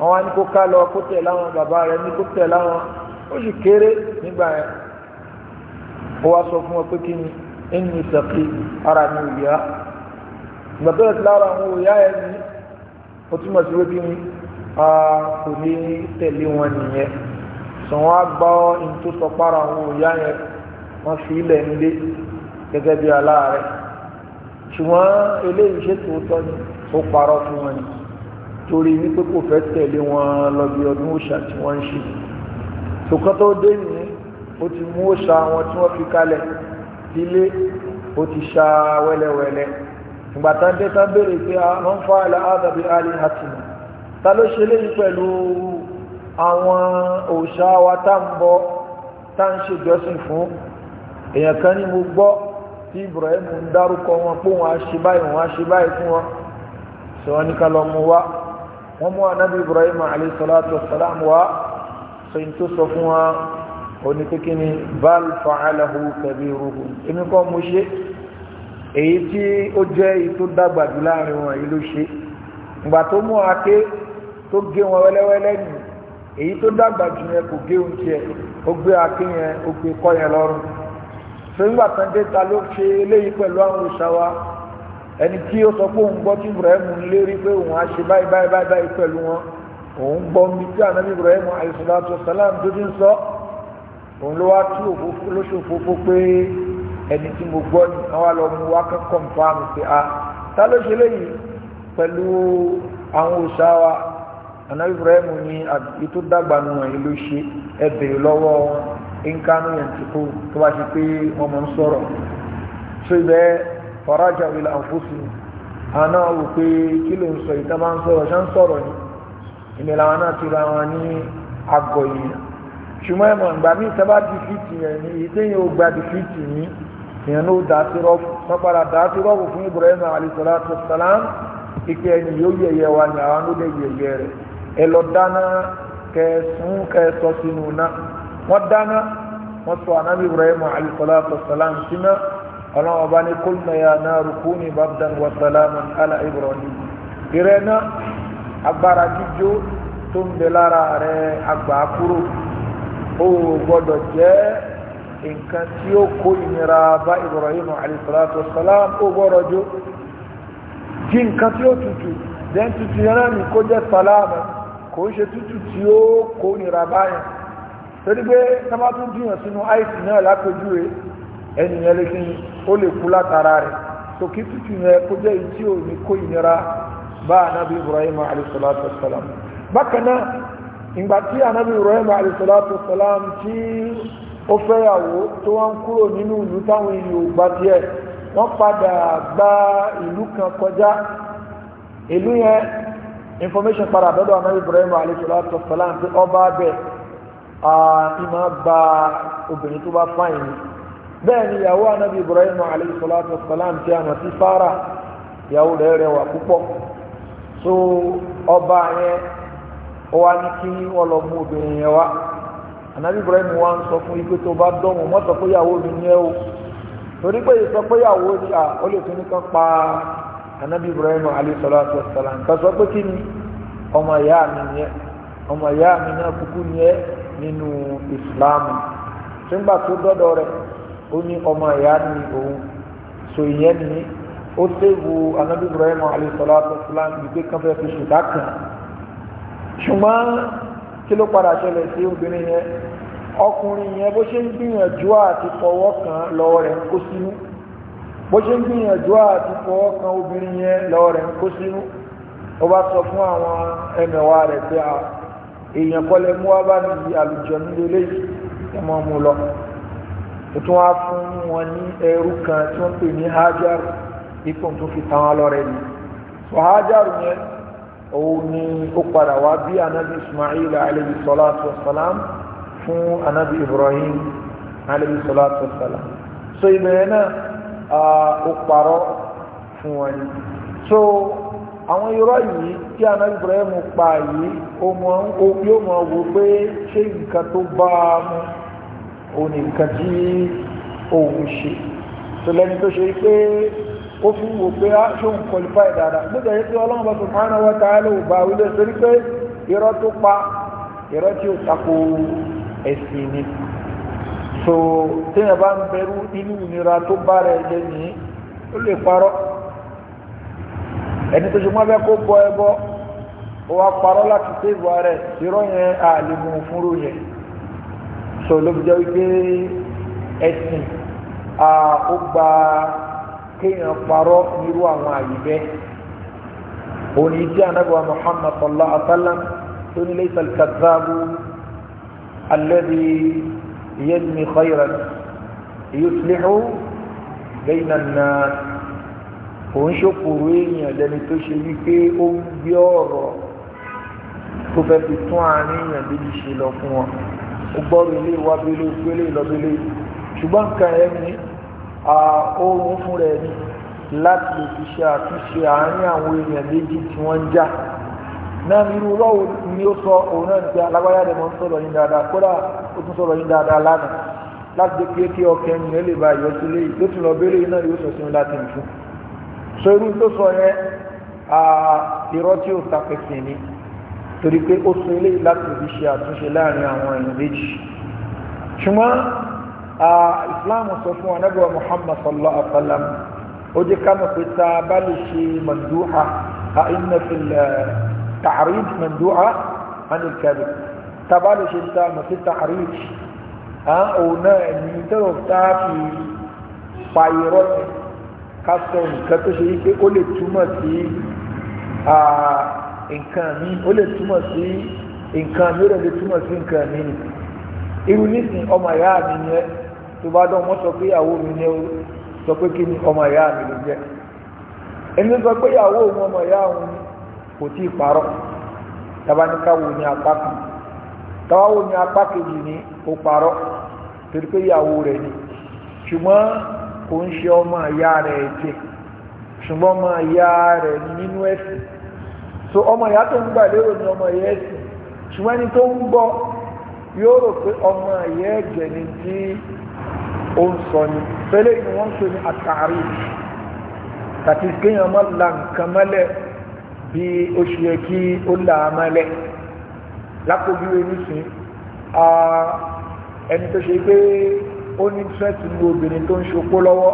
àwọn á ní kó ká lọ kó tẹ̀ láwọn bàbá rẹ̀ ní kó tẹ̀ láwọn ó kéré nígbà yẹn ó wá sọ fún wọn pé kí ni ẹni ìsàkí ara mi ò yá ìgbà tó yẹ ti lára àwọn òyà ẹ̀ ní ó túmọ̀ sí pé kí ni a kò ní tẹ̀lé wọn nìyẹn sọ wọn á gbọ́ ohun tó sọ para àwọn òyà yẹn wọn fi ilẹ̀ ń gẹ́gẹ́ bí aláàárẹ̀ ṣùgbọ́n eléyìí ṣètò tọ́ ni ó parọ́ fún wọn ni torí wípé kò fẹ́ tẹ̀lé wọn lọ bí ọdún òṣà tí wọ́n ń ṣe tòkọ́ tó dé ní ó ti mú òṣà wọn tí wọ́n fi kalẹ̀ sílé ó ti ṣa wẹ́lẹ́wẹ́lẹ́ ìgbàtà ń dẹ́ta béèrè pé wọ́n fa ilẹ̀ ádàbí alì hatima ta ló ṣe léyìí pẹ̀lú àwọn òṣà wa tá ń bọ tá ń ṣe jọ́sìn fún èèyàn kan ní mo gbọ́ tí Ibrahim ń dárúkọ wọn pé wọn á ṣe báyìí wọn á ṣe báyìí fún wọn sọ wọn ní ká lọ mú wá wọ́n mú anábì ibrahim alayhi salatu wassalam wá sèyí tó sọ fún wa oníkékinni bal fa'alahu kabiruhum èmi kọ́ mo ṣe èyí tí ó jẹ́ èyí tó dàgbà jù láàrin wọn èyí ló ṣe ìgbà tó mú ake tó gé wọn wẹ́lẹ́wẹ́lẹ́ nì èyí tó dàgbà jù yẹn kò gé oúnjẹ yẹn ó gbé ake yẹn ó gbé kọ́ yẹn lọ́rùn so ìgbà tán dé ta ló ṣe eléyìí pẹ̀lú àwọn òṣà ẹni tí ó sọ pé òun gbọ́ tí Ibrahim ń lérí pé òun á ṣe báyìí báyìí báyìí báyìí pẹ̀lú wọn òun gbọ́ mi tí ànábì Ibrahim àìsàlátọ̀ sálàm tó ti ń sọ òun ló wá tú òfófó lóṣòfófó pé ẹni tí mo gbọ́ ni àwa lọ mú wá kọ́kọ́ nfa mi pé a ta ló ṣe léyìí pẹ̀lú àwọn òòṣà wa ànábì Ibrahim ni ètò dàgbà nù ẹ̀ ló ṣe ẹ lọ́wọ́ nǹkan yẹn tó bá ṣe pé wọ́n mọ̀ farajà ìlà àǹfóṣù àná wò pé kí ló ń sọ ìta bá ń sọ̀rọ̀ ṣá ń sọ̀rọ̀ ni ìmìlà wọn náà ti ra wọn ní àgọ̀ èèyàn ṣùgbọ́n ẹ̀mọ̀ ìgbà míì sábà dìfìtì yẹn ni èyí téèyàn ò gba dìfìtì yìí èèyàn ló dá sí rọ́ọ̀fù wọ́n padà dá sí rọ́ọ̀fù fún Ibrahim alayhi salatu wassalam ike ẹni yóò yẹyẹ wa ni àwọn ló dé yẹyẹ rẹ̀ ẹ lọ dáná kẹsùn kẹsọ sínú náà wọ́n dáná wọ́n sọ ànábì Ibrahim alayhi salatu wassalam síná ọlọ́wọ́ bá ní kúlùmọ̀ ya náà rukuni babdan wa salaman ala ibrahim ìrẹ́ náà agbára jíjó tó ń bẹ lára rẹ àgbà kúrò ó gbọ́dọ̀ jẹ́ nǹkan tí ó kó ìnira bá ibrahim alayhisalatu wasalam ó gbọ́dọ̀ jó jí nǹkan tí ó tutù jẹ́ tutù yẹn náà ní kó jẹ́ salama kò ń ṣe tutù tí ó kó ìnira báyìí torí pé tábà tún jiyàn sínú àìsí náà ẹni yẹn lè fi ó lè kú látara rẹ̀ so kí tútù yẹn kó jẹ́ ìtí ò ní kó anabi ibrahim alayhisalatu wasalam bákan ìgbà anabi ibrahim alayhisalatu wasalam tí ó fẹ́yàwó tó wá ń kúrò nínú ìlú táwọn èèyàn ò gbà tiẹ̀ wọ́n padà gba ìlú kan kọjá ìlú yẹn information padà dọ́dọ̀ anabi ibrahim alayhisalatu wasalam pé ọba abẹ ìmọ̀ gba obìnrin tó bá fáyìn ni. bẹ́ẹ̀ ni ìyàwó anabi ibrahim alayhi salatu wa salam ti àmà sí fara ìyàwó rẹ̀ rẹwà púpọ̀ so ọba yẹn ó wá ní kí wọ́n lọ mú obìnrin yẹn wá anabi ibrahim wá ń sọ fún ipe tó bá dọ́mù mọ́ sọ pé ìyàwó mi yẹn o torí pé ìsọ pé ìyàwó ni à ó lè tún nìkan pa anabi ibrahim alayhi salam kan sọ pé kí ni ọmọ ìyá mi yẹn ọmọ ìyá mi náà kúkú yẹn nínú islam nígbà tó dọ́dọ̀ rẹ̀ ó ní ọmọ ìyá ni òun so ìyẹn ni ó léwu anabi ibrahim alayisalaam alayisalaam wípé kan fẹ́ fi ṣùdá kan ṣùgbọ́n kí ló padà ṣẹlẹ̀ sí obìnrin yẹn ọkùnrin yẹn bó ṣe ń gbìyànjú àti fọwọ́ kan lọ́wọ́ rẹ̀ ń kó sínú bó ṣe ń gbìyànjú àti fọwọ́ kan obìnrin yẹn lọ́wọ́ rẹ̀ ń kó sínú ó bá sọ fún àwọn ẹmẹ̀wà rẹ̀ pé èèyàn kọ́lẹ̀ mú wá bá mi àlùjọ nílé lẹ́yìn ẹ̀mọ́ mu lọ tó wá fún wọn ní ẹrú kan tí wọ́n pè ní hajar ipò tó fi tán wọn lọ́rẹ́ ni so hajar yẹn òun ni ó padà wá bí anabi ismail alayhi salatu wa salam fún anabi ibrahim alayhi salatu wa salam so ìbẹ̀rẹ̀ náà ó parọ́ fún wọn ni so àwọn irọ́ yìí tí anabi ibrahim pa yìí ó mọ̀ ó wò pé ṣé nǹkan tó bá a mú òun nìkan tí òun ṣe tó lẹ́ni tó ṣe pé ó fi wò pé á ah, ṣóun qualify dáadáa nígbà yìí tí ọlọ́run bá subhanahu wa ta'ala ò wílé torí pé irọ́ tó pa irọ́ tí ó tako ẹ̀sìn ni so téèyàn bá ń bẹ̀rù inú ìnira tó bá rẹ̀ jẹ́ nìyí ó lè parọ́ ẹni tó ṣe mọ́ bẹ́ẹ̀ kó bọ ẹbọ ó wá parọ́ láti tẹ́ẹ̀bù rẹ̀ irọ́ yẹn àlè fúnrú yẹn so ló fi jẹ́ wípé ẹ̀sìn ó gba kéèyàn parọ́ nírú àwọn àyè bẹ́ẹ̀ òní tí anábọ̀ Muhammad sallallahu alaihi wa sallam tó ní laysa al-kadhabu alladhi yadmi khayran yuslihu bayna an-nas òun ṣòkòrò èèyàn lẹni tó ṣe wípé ó ń gbé ọ̀rọ̀ tó fẹ́ fi tún àárín èèyàn méjì ṣe lọ fún wọn ó gbọ́rọ̀ ilé ìwábi ilé ìgbélé ìlọ́bí ilé ṣùgbọ́n nǹkan ẹ̀ ní ohun fún rẹ̀ ní láti lè fi ṣe àtúnṣe àárín àwọn èèyàn méjì tí wọ́n ń jà náà irú lọ́wọ́ ni ó sọ òun náà ti alágbáyà rẹ̀ mọ́ ń sọ̀rọ̀ yín dáadáa kódà ó tún sọ̀rọ̀ yín dáadáa lánàá láti pé kí ọkẹ́ ẹni lè bá yọ sílé yóò tún lọ bẹ́lẹ̀ náà yóò sọ sí láti nìfún so irú tó sọ yẹn irọ́ tí ó tapẹ̀sìn ni torí pé ó sún ilé láti fi ṣe àtúnṣe láàrin àwọn èèyàn méjì ṣùgbọ́n islam sọ fún anábíwá muhammad sallallahu alaihi wa sallam ó jẹ́ ká mọ̀ pé tá a bá lè ṣe manduha a inna fi ta'rid manduha an al-kadhib tá a bá lè ṣe tá a ta'rid a òun náà ní tẹ́lọ̀ tá fi pa irọ́ yẹn nǹkan tó ṣe yí pé ó lè túmọ̀ sí nǹkan mi ó lè túmọ̀ sí nǹkan mi ó lè túmọ̀ sí nǹkan mi ni irú nísìnyí ọmọ ìyá mi ni ẹ tó bá dán wọn sọ pé ìyàwó mi ni ó sọ pé kí ni ọmọ ìyá mi ló jẹ ẹni sọ pé ìyàwó òun ọmọ ìyá òun kò tí ì parọ́ tabaníkàwò ní apá kan tabawo ní apá kejì ní ó parọ́ torí pé ìyàwó rẹ̀ ni ṣùgbọ́n kò ń ṣe ọmọ ìyá rẹ̀ jẹ ṣùgbọ́n ọmọ ìyá rẹ̀ nínú ẹ̀sìn so ọmọ ìyá tó ń gbà lérò ni ọmọ ìyá ẹ̀sìn ṣùgbọ́n ẹni tó ń gbọ́ yóò rò pé ọmọ ìyá ẹ̀jẹ̀ ni tí ó ń sọ ni fẹ́lẹ́ ni wọ́n ń pè ní àtàrí tàbí kéèyàn má la nǹkan mọ́lẹ̀ bí ó ṣe yẹ kí ó là á mọ́lẹ̀ lápòbí oníṣìí ẹni tó ṣe pé ó ní tírẹ́tì ní obìnrin tó ń ṣopó lọ́wọ́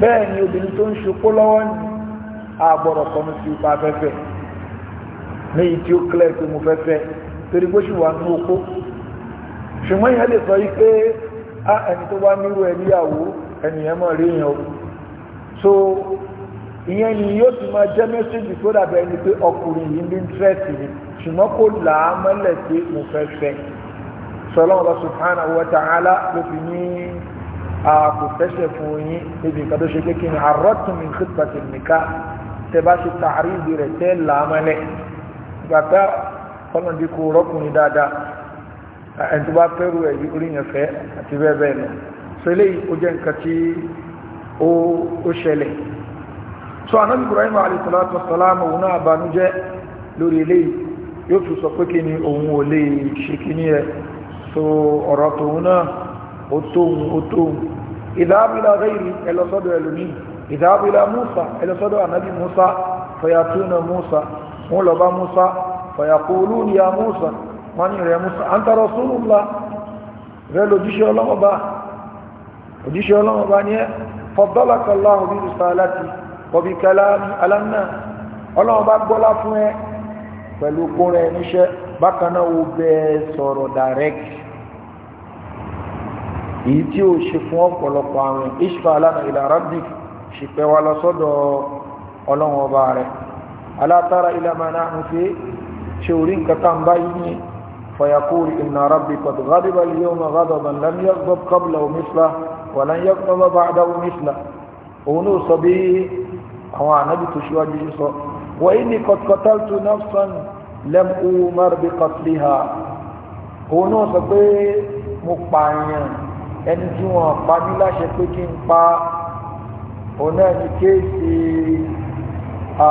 bẹ́ẹ̀ ni obìnrin tó ń ṣopó lọ́wọ́ ni àgbọ̀rọ̀ kọ́nu tí ó bá fẹ́fẹ́ léyìí tí ó kílẹ̀ pé mo fẹ́fẹ́ torí bó ṣì wà ní okó ṣùgbọ́n ìyẹn lè sọ wípé a ẹni tó bá nírú ẹ níyàwó ẹnìyẹn mọ̀ rí yẹn o so ìyẹn ni yóò ti máa jẹ́ mẹ́sẹ̀gì tó dàbẹ̀ ẹni pé ọkùnrin yìí ní interest ni ṣùgbọ́n kò là á mọ́lẹ̀ pé mo fẹ́ fẹ́ sọlọ́n lọ subhanahu wa ta'ala ló fi ní àkùfẹ́sẹ̀ fún yín níbi nǹkan kékeré àrọ́tùnmí kìtàkì nìkan tẹ́bá ṣe tààrídì rẹ̀ tẹ́ làámọ́lẹ̀ gbàtà kọ́nàdé kò rọ́kùnrin dáadáa ẹni tó bá fẹ́rù ẹ̀ yìí orí yẹn fẹ́ àti bẹ́ẹ̀ bẹ́ẹ̀ lọ so eléyìí ó jẹ́ nǹkan tí ó ṣẹlẹ̀ so anabi ibrahim alayhisalatu wasalam òun náà banújẹ́ lórí eléyìí yóò tún sọ pé kí òun ò lè ṣe kí ni so ọ̀rọ̀ tòun náà ó tóun ó tóun ìdáàbìlà rẹ̀ ìrìn ẹlọ́sọ́dọ̀ ìdáàbò ilá musa ẹlẹ́sọ́dọ̀ ànábì musa fayatuna musa wọn lọ bá musa fayakulu ya musa wọn ni rẹ musa anta rasulullah rẹ lójúṣe ọlọ́mọba ojúṣe ọlọ́mọba ni ẹ faddalaka Allahu bi risalati wa bi kalami ala nnas ọlọ́mọba gbọ́lá fún ẹ pẹ̀lú kóra ẹ níṣẹ́ bákan náà wo bẹ́ẹ̀ sọ̀rọ̀ direct èyí tí ó ṣe fún ọ̀pọ̀lọpọ̀ àwọn ìṣfà alánà ila ìṣìpẹ̀ wa lọ sọ́dọ̀ ọlọ́run ọba rẹ̀ alátara ìlàmàna ń fi ṣe orí nǹkan tá ń bá yí ní fayakúrì ìnà rabbi qad ghadiba al-yawma ghadaban lam yaghdab qablahu misla wa lan yaghdab ẹni tí wọ́n pa mí pé kí n pa òun náà ni a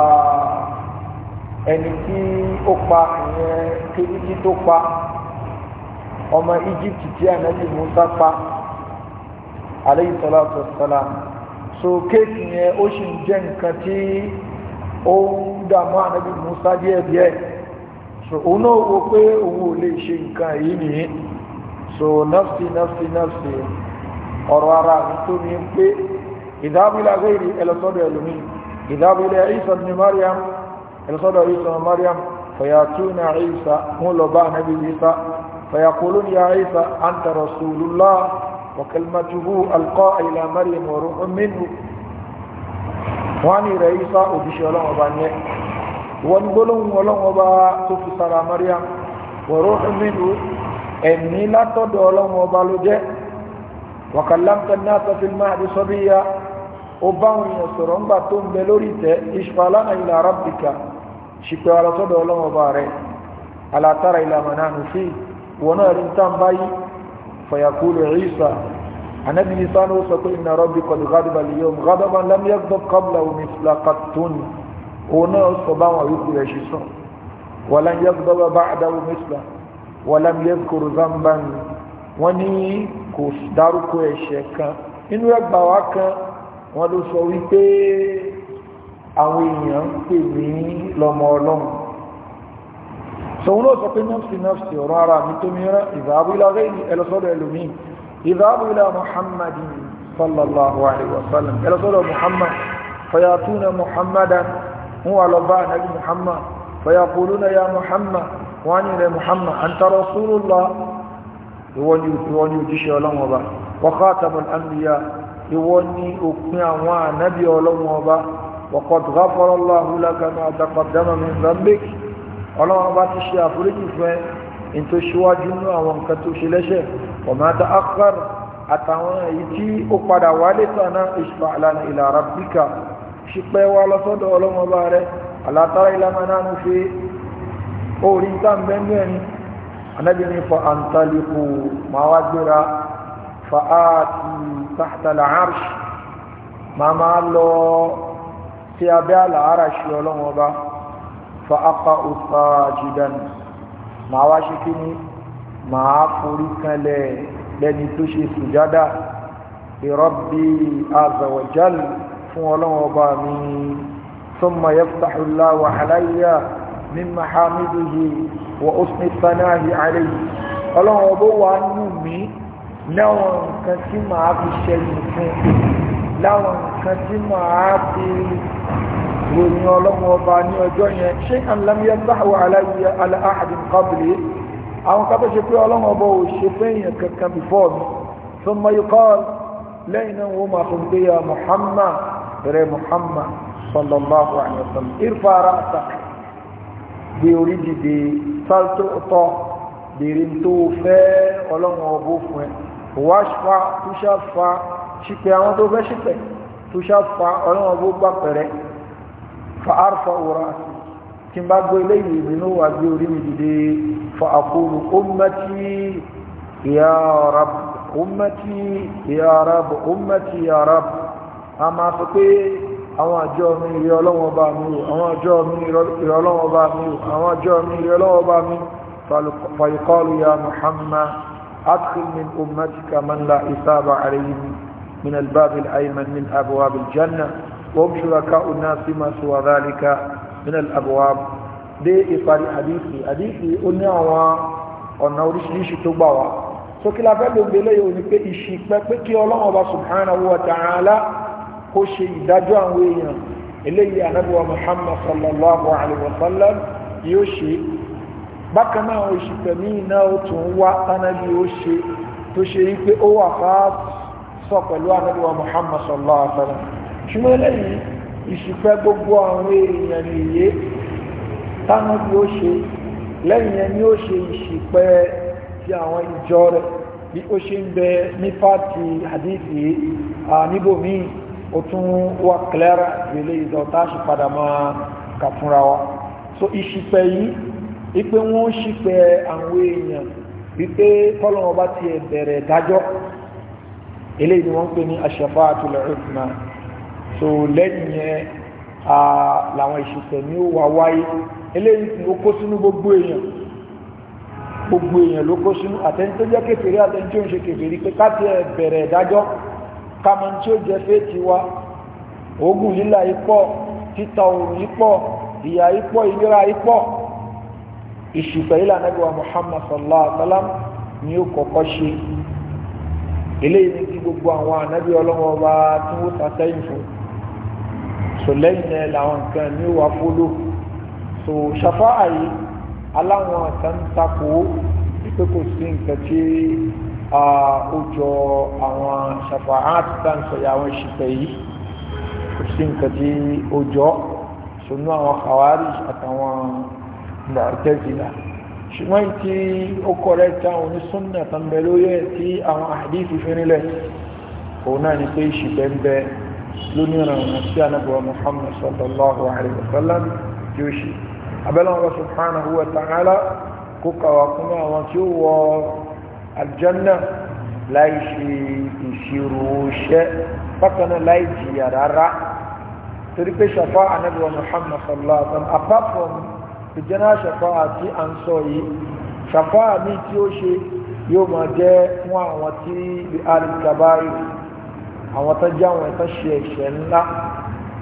ẹni tí ó pa ìyẹn kéèkì tó pa ọmọ Egypt tí ànábì Musa pa aleyhi salatu wasalam so kéèsì yẹn ó sì ń jẹ́ nǹkan tí ó ń dààmú ànábì Musa díẹ̀ díẹ̀ so òun náà wo pé òun ò lè ṣe nǹkan yìí nìyí so nafsi nafsi nafsi ọ̀rọ̀ ara mi tó mi pé ìdáàbù ilẹ̀ agbèrè ẹlọ́sọ́dọ̀ ẹlòmí ìdáàbù ilẹ̀ Isa ní Mariam ẹlọ́sọ́dọ̀ Isa ní Mariam fayatuna Isa mú lọ bá ànábì Isa fayakulun ya Isa anta rasulullah wa kalmatuhu alqa ila Maryam wa ruhun minhu wọ́n ní rẹ̀ Isa òjíṣẹ́ ọlọ́wọ́ bá ní wọn gbólóhùn ọlọ́wọ́ bá tó fi sara Mariam wa ruhun ó bá àwọn èèyàn sọ̀rọ̀ ńgbà tó ń bẹ lórí ìtẹ́ ìṣfàlánà ilà arábìkà ṣìpẹ́ ara sọ́dọ̀ ọlọ́mọba rẹ̀ alátara ilà mọ̀nánù sí wọn náà rí tán báyìí fayakulu Isa anabi Isa ló sọ pé inú ẹgbàá kan wọ́n ló sọ wípé àwọn èèyàn ń pè ní lọ́mọ ọlọ́run sọ̀rọ̀ ló sọ pé nọ́ọ̀sì nọ́ọ̀sì ọ̀rọ̀ ara mi tó mìíràn ìdáàbò ilá rẹ́yìn ẹlọ́sọ́dọ̀ ẹlòmíì ìdáàbò ilá muhammad sallallahu alaihi wasallam ẹlọ́sọ́dọ̀ muhammad fayatuna muhammadan wọn wà lọ anabi muhammad fayakuluna ya muhammad wọn ni rẹ muhammad anta rasulullah ìwọ ni òjíṣẹ́ ọlọ́run ọba wa khatamul anbiya ìwọ ni òpin àwọn ànábì ọlọ́run ọba waqad ghafara Allahu laka ma taqaddama min zambik ọlọ́run ọba ti ṣe àforíjì fún ẹ in tó ṣíwájú ní àwọn nǹkan tó ṣe lẹ́ṣẹ̀ wa ma ta'akhkhar àtàwọn èyí tí ó padà wá létà náà ishfa' lana ila rabbika ṣípẹ́ fa'ati tahta al-arsh ma ma lọ sí abẹ́ àlàárà ṣe ọlọ́run ọba fa'aqa'u sajidan ma wá ṣe kí ni ma forí kanlẹ̀ lẹ́ni tó ṣe sùjádà li rabbi azza wa jal fún ọlọ́run ọba mi thumma yaftahu Allahu alayya min mahamidihi wa husni thanahi alayhi ọlọ́run ọba wà nù mí láwọn nǹkan tí màá fi ṣẹyìn fún láwọn nǹkan tí màá fi ròyìn ọlọ́mọ ọba ní ọjọ́ yẹn ṣé àlámiyá báwo aláwíyá aláhàdín kábìlì àwọn kábọ̀ ṣe pé ọlọ́mọ ọba ò ṣe fẹ́yìn kankan before mi fún mayukọ́ lẹ́yìn náà wọ́n máa fún pé ya Muhammad rẹ Muhammad sallallahu alayhi wa sallam irfa ra'sak bí orí dìde sáltó ọ̀tọ̀ bèrè tó fẹ́ ọlọ́mọ ọba fún ẹ wáṣfà túṣàfà ṣìpẹ̀ àwọn tó fẹ́ ṣìpẹ̀ túṣàfà ọlọ́wọ́n bó gbà pẹ̀rẹ́ fa arfa wura tí n bá gbé eléyìí nínú wà gbé orí mi dìde fa aqulu ummati ya rab ummati ya rab ummati ya rab a máa sọ pé àwọn àjọ mi ìrẹ́ ọlọ́wọ́n bá mi àwọn àjọ mi ìrẹ́ ọlọ́wọ́n bá mi àwọn àjọ mi ìrẹ́ ọlọ́wọ́n bá mi fa ya Muhammad أدخل من أمتك من لا حساب عليهم من الباب الأيمن من أبواب الجنة وهم شركاء الناس ما سوى ذلك من الأبواب دي إقاري حديثي حديثي أنعوا ونورش ليش تبوا so kí la fẹ́ ló gbélé yìí ni pé ìṣìpẹ́ pé kí ọlọ́run ọba subhanahu wa ta'ala kó ṣe ìdájọ́ àwọn èèyàn eléyìí anábíwá muhammad sallallahu alaihi wa sallam yóò ṣe bákan náà oṣù tẹ̀mí iná ó tún wá tánàbí ó ṣe tó ṣe yí pé ó wà fà á sọ pẹ̀lú anábíwá Muhammad sallallahu alaihi wasallam ṣùgbọ́n lẹ́yìn ìṣìpẹ́ gbogbo àwọn èèyàn nìyé tánàbí ó ṣe lẹ́yìn ẹni ó ṣe ìṣìpẹ́ ti àwọn ìjọ rẹ̀ bí ó ṣe ń bẹ ní pàtì àdífì níbòmí ó tún wà clara ìrẹ̀lẹ̀ ìdọ̀tá ṣe padà máa kà fúnra wa so ìṣìpẹ́ yìí ipe wọn ṣìpẹ̀ àwọn èèyàn wípé kọ́lọ́wọ́ bá ti bẹ̀rẹ̀ dájọ́ eléyìí ni wọ́n ń pè ní ash-shafa'atul 'uzma so lẹ́yìn yẹn làwọn ìṣìpẹ̀ ní ó wà wáyé eléyìí tí ó kó sínú gbogbo èèyàn gbogbo èèyàn ló kó sínú àtẹ́ntó jẹ́ kékeré àtẹ́ntó ń ṣe kékeré pé ká ti bẹ̀rẹ̀ ìdájọ́ kámọ́ tí ó jẹ fẹ́ ti wá oògùn lílà ipọ̀ títa òòrùn ipọ̀ ìyà ipọ̀ ìlera ipọ̀ ìṣùpẹ̀ ìlànà ìwà Muhammad sallallahu alaihi wa sallam ni ó kọ́kọ́ ṣe eléyìí ni kí gbogbo àwọn ànábì ọlọ́wọ́ bá tí wọ́n ta sẹ́yìn fún so lẹ́yìn náà làwọn nǹkan ní wà fóló so ṣàfá àyè aláwọn kan takò wípé kò sí nǹkan tí ó jọ àwọn ṣàfá àtàǹsọ̀yà àwọn ìṣìpẹ̀ yìí kò sí nǹkan tí ó jọ so àwọn kàwárí àtàwọn mọ̀tẹ́zìlá ṣùgbọ́n tí ó kọ̀rẹ́ ta òní súnnà tàbẹ̀lóyẹ̀ tí àwọn àdífi fínilẹ̀ òun náà ni pé ìṣìbẹ̀mbẹ̀ lónìran ọ̀nà sí anábọ̀ Muhammad sallallahu alaihi wasallam tí ó ṣe abẹ́lọ́wọ́ subhanahu wa ta'ala kó kàwà kún àwọn tí ó wọ aljanna láì ṣe ìṣirò iṣẹ́ bákanáà láì apart from ìjẹ́nà ṣàfáà tí a ń sọ yìí ṣàfáà ní tí ó ṣe yóò máa jẹ́ fún àwọn tí bí alìkàbáyì àwọn tó jẹ́ wọn ẹ̀tọ́ ṣe ẹ̀ṣẹ̀ ńlá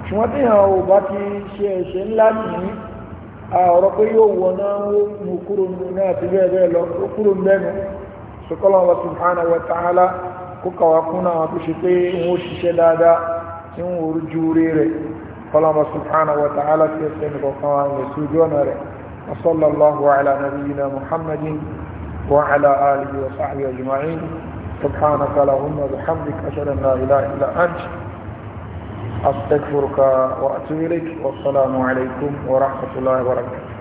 ṣùgbọ́n tí àwọn ò bá ti ṣe ẹ̀ṣẹ̀ ńlá nìyí ọ̀rọ̀ pé yóò náà ó mú kúrò náà ti bẹ́ẹ̀ bẹ́ẹ̀ lọ ó kúrò wa subhanahu قلما سبحانه وتعالى في سنة وقوان يسوجون وصلى الله على نبينا محمد وعلى آله وصحبه أجمعين سبحانك اللهم وبحمدك أشهد أن لا إله إلا أنت أستغفرك وأتوب إليك والسلام عليكم ورحمة الله وبركاته